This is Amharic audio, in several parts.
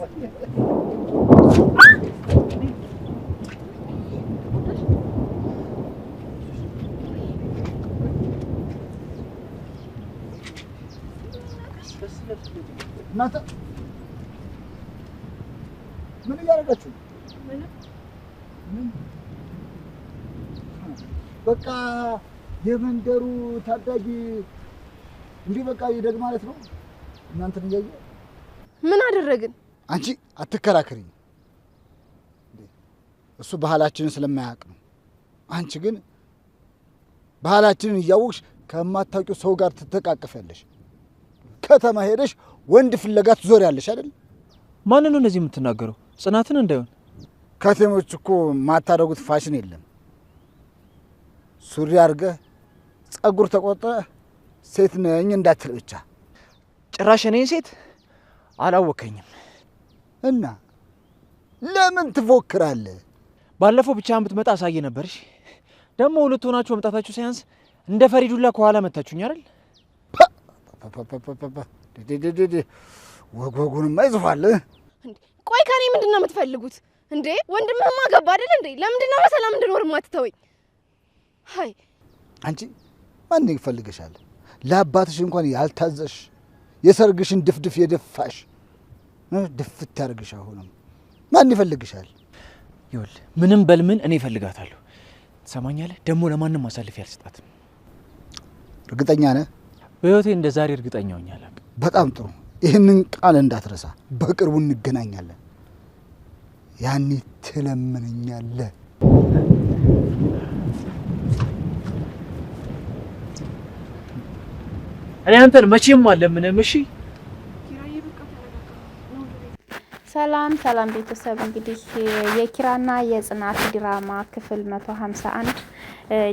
እናንተ ምን እያደረጋችሁ? በቃ የመንደሩ ታዳጊ እንዲህ በቃ ይደግ ማለት ነው። እናንተን እያየ ምን አደረግን? አንቺ አትከራከሪኝ። እሱ ባህላችንን ስለማያውቅ ነው። አንቺ ግን ባህላችንን እያወቅሽ ከማታውቂው ሰው ጋር ትተቃቀፊያለሽ። ከተማ ሄደሽ ወንድ ፍለጋ ትዞሪያለሽ አይደል? ማን ነው እንደዚህ የምትናገረው? ጽናትን እንዳይሆን። ከተሞች እኮ ማታደርጉት ፋሽን የለም። ሱሪ አድርገህ ጸጉር ተቆርጠ ሴት ነኝ እንዳትል ብቻ። ጭራሽ እኔን ሴት አላወከኝም። እና ለምን ትፎክራለህ? ባለፈው ብቻ ብትመጣ አሳየ ነበርሽ። ደግሞ ሁለት ሆናችሁ መምጣታችሁ ሳያንስ እንደ ፈሪዱላ ከኋላ መታችሁኝ አይደል? ወግወጉንማ ይዝፋል። ቆይ ከኔ ምንድን ነው የምትፈልጉት እንዴ? ወንድምህ ገባ አይደል እንዴ? ለምንድን ነው በሰላም እንድኖር የማትተወኝ? ሀይ አንቺ ማን ይፈልገሻል? ለአባትሽ እንኳን ያልታዘሽ የሰርግሽን ድፍድፍ የደፋሽ ድፍት ያደርግሽ። አሁንም ማን ይፈልግሻል? ይኸውልህ ምንም በል ምን እኔ እፈልጋታለሁ። ትሰማኛለህ? ደግሞ ለማንም አሳልፌ አልሰጣትም። እርግጠኛ ነህ? በህይወቴ እንደ ዛሬ እርግጠኛ ሆኜ በጣም ጥሩ። ይህንን ቃል እንዳትረሳ። በቅርቡ እንገናኛለን። ያኔ ትለምንኛለህ። እኔ አንተን መቼም አለምንም። እሺ ሰላም ሰላም ቤተሰብ እንግዲህ የኪራና የጽናት ድራማ ክፍል መቶ ሀምሳ አንድ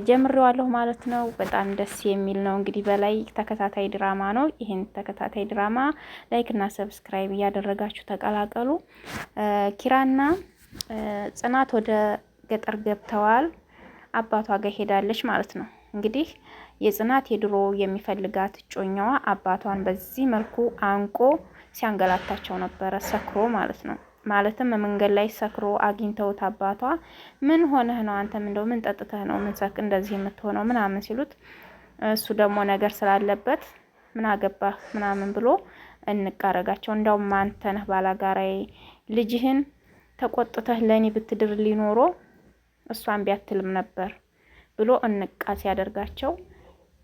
ጀምሬዋለሁ ማለት ነው። በጣም ደስ የሚል ነው። እንግዲህ በላይ ተከታታይ ድራማ ነው። ይህን ተከታታይ ድራማ ላይክና ሰብስክራይብ እያደረጋችሁ ተቀላቀሉ። ኪራና ጽናት ወደ ገጠር ገብተዋል። አባቷ ጋር ሄዳለች ማለት ነው። እንግዲህ የጽናት የድሮ የሚፈልጋት እጮኛዋ አባቷን በዚህ መልኩ አንቆ ሲያንገላታቸው ነበረ፣ ሰክሮ ማለት ነው። ማለትም መንገድ ላይ ሰክሮ አግኝተውት አባቷ ምን ሆነህ ነው አንተም እንደው ምን ጠጥተህ ነው ምን ሰክ እንደዚህ የምትሆነው ምናምን ሲሉት እሱ ደግሞ ነገር ስላለበት ምን አገባህ ምናምን ብሎ እንቃረጋቸው። እንዳውም አንተ ነህ ባላጋራዬ፣ ልጅህን ተቆጥተህ ለእኔ ብትድር ሊኖሮ እሷን ቢያትልም ነበር ብሎ እንቃ ሲያደርጋቸው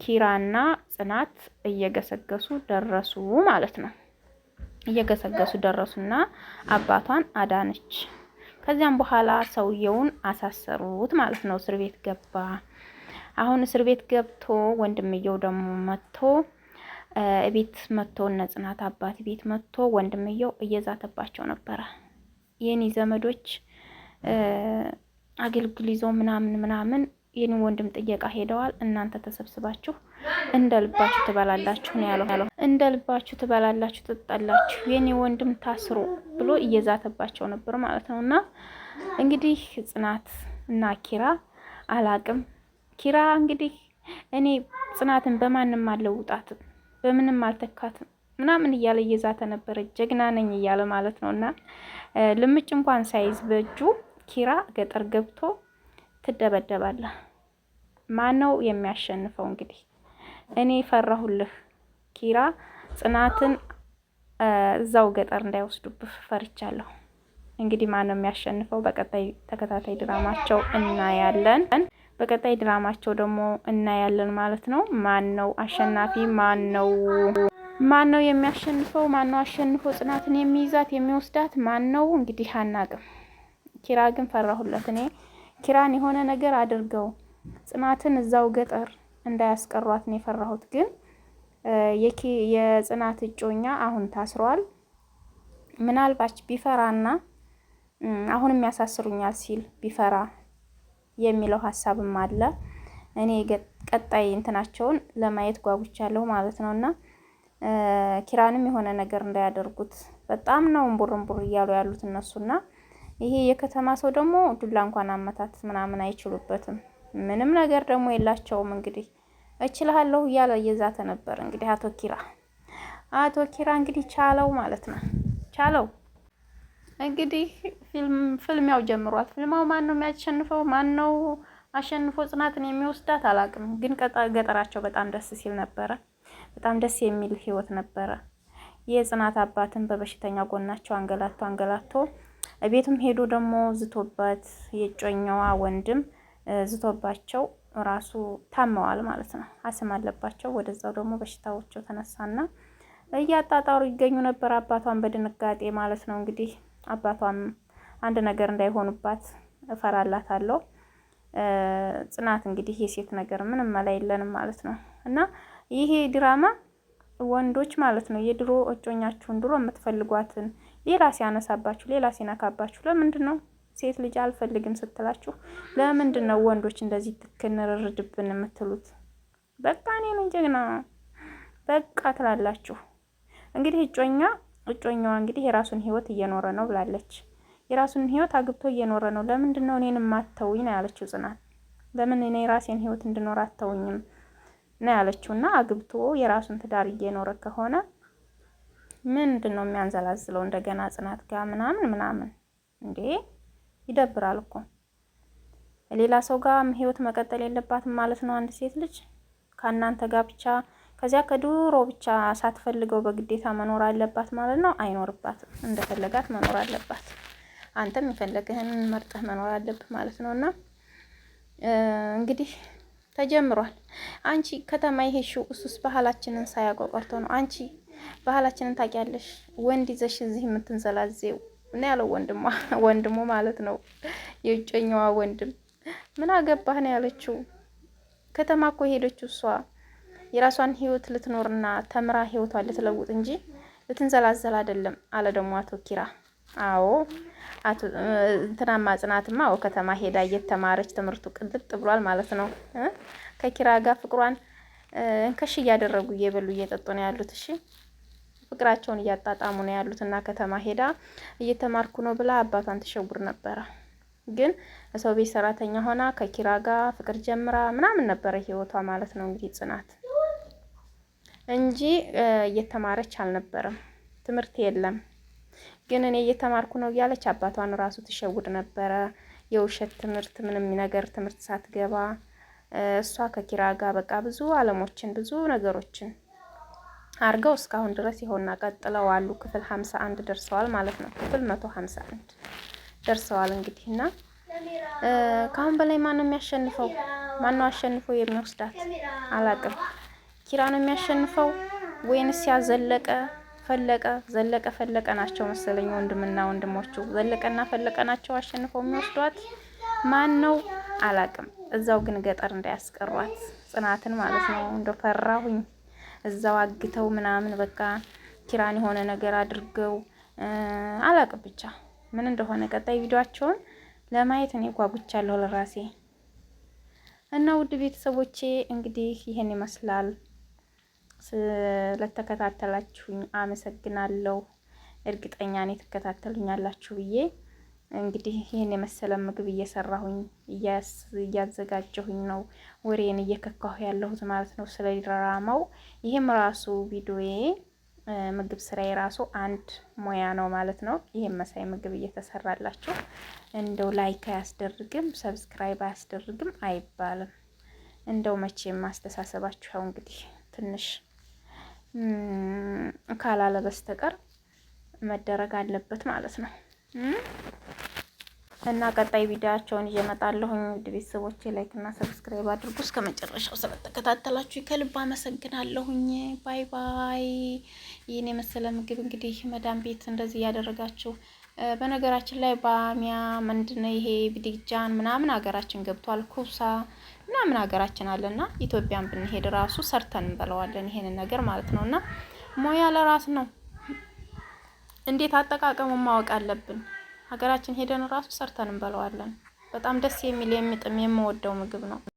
ኪራና ጽናት እየገሰገሱ ደረሱ ማለት ነው። እየገሰገሱ ደረሱና አባቷን አዳነች። ከዚያም በኋላ ሰውየውን አሳሰሩት ማለት ነው። እስር ቤት ገባ። አሁን እስር ቤት ገብቶ ወንድምየው ደግሞ መጥቶ ቤት መጥቶ እነ ጽናት አባት ቤት መጥቶ ወንድምየው እየዛተባቸው ነበረ። የኔ ዘመዶች አገልግል ይዞ ምናምን ምናምን የኔ ወንድም ጥየቃ ሄደዋል። እናንተ ተሰብስባችሁ እንደ ልባችሁ ትበላላችሁ ነው ያለው። እንደ ልባችሁ ትበላላችሁ፣ ትጠጣላችሁ፣ የኔ ወንድም ታስሮ ብሎ እየዛተባቸው ነበር ማለት ነው። እና እንግዲህ ጽናት እና ኪራ አላቅም። ኪራ እንግዲህ እኔ ጽናትን በማንም አልለውጣትም፣ በምንም አልተካትም ምናምን እያለ እየዛተ ነበረ። ጀግና ነኝ እያለ ማለት ነው። እና ልምጭ እንኳን ሳይዝ በእጁ ኪራ ገጠር ገብቶ ትደበደባለህ። ማን ነው የሚያሸንፈው? እንግዲህ እኔ ፈራሁልህ ኪራ ጽናትን እዛው ገጠር እንዳይወስዱብህ ፈርቻለሁ። እንግዲህ ማን ነው የሚያሸንፈው? በቀጣይ ተከታታይ ድራማቸው እናያለን። በቀጣይ ድራማቸው ደግሞ እናያለን ማለት ነው። ማን ነው አሸናፊ? ማን ነው ማን ነው የሚያሸንፈው? ማን ነው አሸንፎ ጽናትን የሚይዛት የሚወስዳት ማን ነው? እንግዲህ አናቅም። ኪራ ግን ፈራሁለት። እኔ ኪራን የሆነ ነገር አድርገው ጽናትን እዛው ገጠር እንዳያስቀሯት ነው የፈራሁት። ግን የጽናት እጮኛ አሁን ታስሯል። ምናልባች ቢፈራና አሁንም ያሳስሩኛል ሲል ቢፈራ የሚለው ሀሳብም አለ። እኔ ቀጣይ እንትናቸውን ለማየት ጓጉቻለሁ ማለት ነው እና ኪራንም የሆነ ነገር እንዳያደርጉት በጣም ነው እምቡርምቡር እያሉ ያሉት እነሱና ይሄ የከተማ ሰው ደግሞ ዱላ እንኳን አመታት ምናምን አይችሉበትም። ምንም ነገር ደግሞ የላቸውም። እንግዲህ እችልሃለሁ እያለ እየዛተ ነበር። እንግዲህ አቶ ኪራ አቶ ኪራ እንግዲህ ቻለው ማለት ነው። ቻለው እንግዲህ ፊልም ፍልሚያው ጀምሯል። ፊልማው ማን ነው የሚያሸንፈው? ማን ነው አሸንፎ ጽናትን የሚወስዳት አላውቅም፣ ግን ገጠራቸው በጣም ደስ ሲል ነበረ። በጣም ደስ የሚል ህይወት ነበረ። የጽናት አባትን በበሽተኛ ጎናቸው አንገላቶ አንገላቶ ቤትም ሄዶ ደግሞ ዝቶበት የጮኛዋ ወንድም ዝቶባቸው ራሱ ታመዋል ማለት ነው። አስም አለባቸው። ወደዛው ደግሞ በሽታዎቸው ተነሳና እያጣጣሩ ይገኙ ነበር። አባቷን በድንጋጤ ማለት ነው እንግዲህ አባቷም አንድ ነገር እንዳይሆኑባት እፈራላታለሁ። ጽናት እንግዲህ የሴት ነገር ምንም አላየለንም ማለት ነው እና ይሄ ድራማ ወንዶች ማለት ነው የድሮ እጮኛችሁን ድሮ የምትፈልጓትን ሌላ ሲያነሳባችሁ፣ ሌላ ሲነካባችሁ ለምንድን ነው ሴት ልጅ አልፈልግም ስትላችሁ ለምንድን ነው ወንዶች እንደዚህ ትክንርርድብን የምትሉት? በቃ እኔ ነኝ ጀግና በቃ ትላላችሁ። እንግዲህ እጮኛ እጮኛዋ እንግዲህ የራሱን ህይወት እየኖረ ነው ብላለች። የራሱን ህይወት አግብቶ እየኖረ ነው። ለምንድን ነው እኔን ማተውኝ ነው ያለችው ጽናት። ለምን እኔ ራሴን ህይወት እንድኖር አተውኝም ነው ያለችው። እና አግብቶ የራሱን ትዳር እየኖረ ከሆነ ምንድን ነው የሚያንዘላዝለው እንደገና ጽናት ጋር ምናምን ምናምን እንዴ ይደብራል እኮ ሌላ ሰው ጋር ህይወት መቀጠል የለባትም ማለት ነው። አንድ ሴት ልጅ ከእናንተ ጋር ብቻ ከዚያ ከድሮ ብቻ ሳትፈልገው በግዴታ መኖር አለባት ማለት ነው። አይኖርባትም። እንደፈለጋት መኖር አለባት። አንተም የፈለግህን መርጠህ መኖር አለብህ ማለት ነው። እና እንግዲህ ተጀምሯል። አንቺ ከተማ የሄድሽው እሱስ ባህላችንን ሳያውቀው ቀርቶ ነው። አንቺ ባህላችንን ታውቂያለሽ። ወንድ ይዘሽ እዚህ የምትንዘላዜው ምን ያለው ወንድሟ ወንድሙ ማለት ነው የእጮኛዋ ወንድም ምን አገባህ ነው ያለችው። ከተማ እኮ ሄደችው እሷ የራሷን ህይወት ልትኖርና ተምራ ህይወቷን ልትለውጥ እንጂ ልትንዘላዘል አይደለም አለ ደግሞ አቶ ኪራ። አዎ አቶ እንትናማ ጽናትማ አዎ ከተማ ሄዳ እየተማረች ትምህርቱ ቅልጥ ብሏል ማለት ነው። ከኪራ ጋር ፍቅሯን እንከሽ እያደረጉ እየበሉ እየጠጡ ነው ያሉት። እሺ ፍቅራቸውን እያጣጣሙ ነው ያሉት እና ከተማ ሄዳ እየተማርኩ ነው ብላ አባቷን ትሸውር ነበረ። ግን ሰው ቤት ሰራተኛ ሆና ከኪራ ጋር ፍቅር ጀምራ ምናምን ነበረ ህይወቷ ማለት ነው እንግዲህ ጽናት እንጂ እየተማረች አልነበረም። ትምህርት የለም። ግን እኔ እየተማርኩ ነው እያለች አባቷን ራሱ ትሸውድ ነበረ። የውሸት ትምህርት ምንም ነገር ትምህርት ሳትገባ እሷ ከኪራ ጋር በቃ ብዙ አለሞችን ብዙ ነገሮችን አድርገው እስካሁን ድረስ ይሆና ቀጥለው አሉ። ክፍል 51 ደርሰዋል ማለት ነው። ክፍል 151 ደርሰዋል እንግዲህ እና ከአሁን በላይ ማን ነው የሚያሸንፈው? ማን ነው አሸንፎ የሚወስዳት? አላቅም። ኪራ ነው የሚያሸንፈው ወይንስ ያ ዘለቀ ፈለቀ? ዘለቀ ፈለቀ ናቸው መሰለኝ ወንድምና ወንድሞቹ ዘለቀና ፈለቀ ናቸው አሸንፈው የሚወስዷት። ማን ነው አላቅም። እዛው ግን ገጠር እንዳያስቀሯት ጽናትን ማለት ነው። እንደ ፈራሁኝ እዛው አግተው ምናምን በቃ ኪራን የሆነ ነገር አድርገው አላቅም ብቻ ምን እንደሆነ ቀጣይ ቪዲዮአቸውን ለማየት እኔ ጓጉቻለሁ ለራሴ እና ውድ ቤተሰቦቼ እንግዲህ ይህን ይመስላል። ስለተከታተላችሁኝ አመሰግናለሁ። እርግጠኛ ነኝ ትከታተሉኛላችሁ ብዬ እንግዲህ ይህን የመሰለ ምግብ እየሰራሁኝ እያዘጋጀሁኝ ነው ወሬን እየከካሁ ያለሁት ማለት ነው፣ ስለ ድራማው። ይህም ራሱ ቪዲዮዬ ምግብ ስራ የራሱ አንድ ሙያ ነው ማለት ነው። ይህም መሳይ ምግብ እየተሰራላቸው እንደው ላይክ አያስደርግም፣ ሰብስክራይብ አያስደርግም አይባልም። እንደው መቼም ማስተሳሰባችሁ ያው እንግዲህ ትንሽ ካላለ በስተቀር መደረግ አለበት ማለት ነው። እና ቀጣይ ቪዲዮአቸውን እየመጣለሁ ውድ ላይክ እና ሰብስክራይብ አድርጉ። እስከ መጨረሻው ስለተከታተላችሁ ከልብ አመሰግናለሁኝ። ባይ ባይ። ይህን የመሰለ ምግብ እንግዲህ መዳም ቤት እንደዚህ እያደረጋችሁ በነገራችን ላይ ባሚያ ምንድነው ይሄ ብድጃን ምናምን ሀገራችን ገብቷል። ኩብሳ ምናምን ሀገራችን አለና ኢትዮጵያን ብንሄድ ራሱ ሰርተን እንበለዋለን ይሄንን ነገር ማለት ነው። እና ሞያ ለራስ ነው። እንዴት አጠቃቀሙ ማወቅ አለብን። ሀገራችን ሄደን ራሱ ሰርተን እንበለዋለን። በጣም ደስ የሚል የሚጥም የምወደው ምግብ ነው።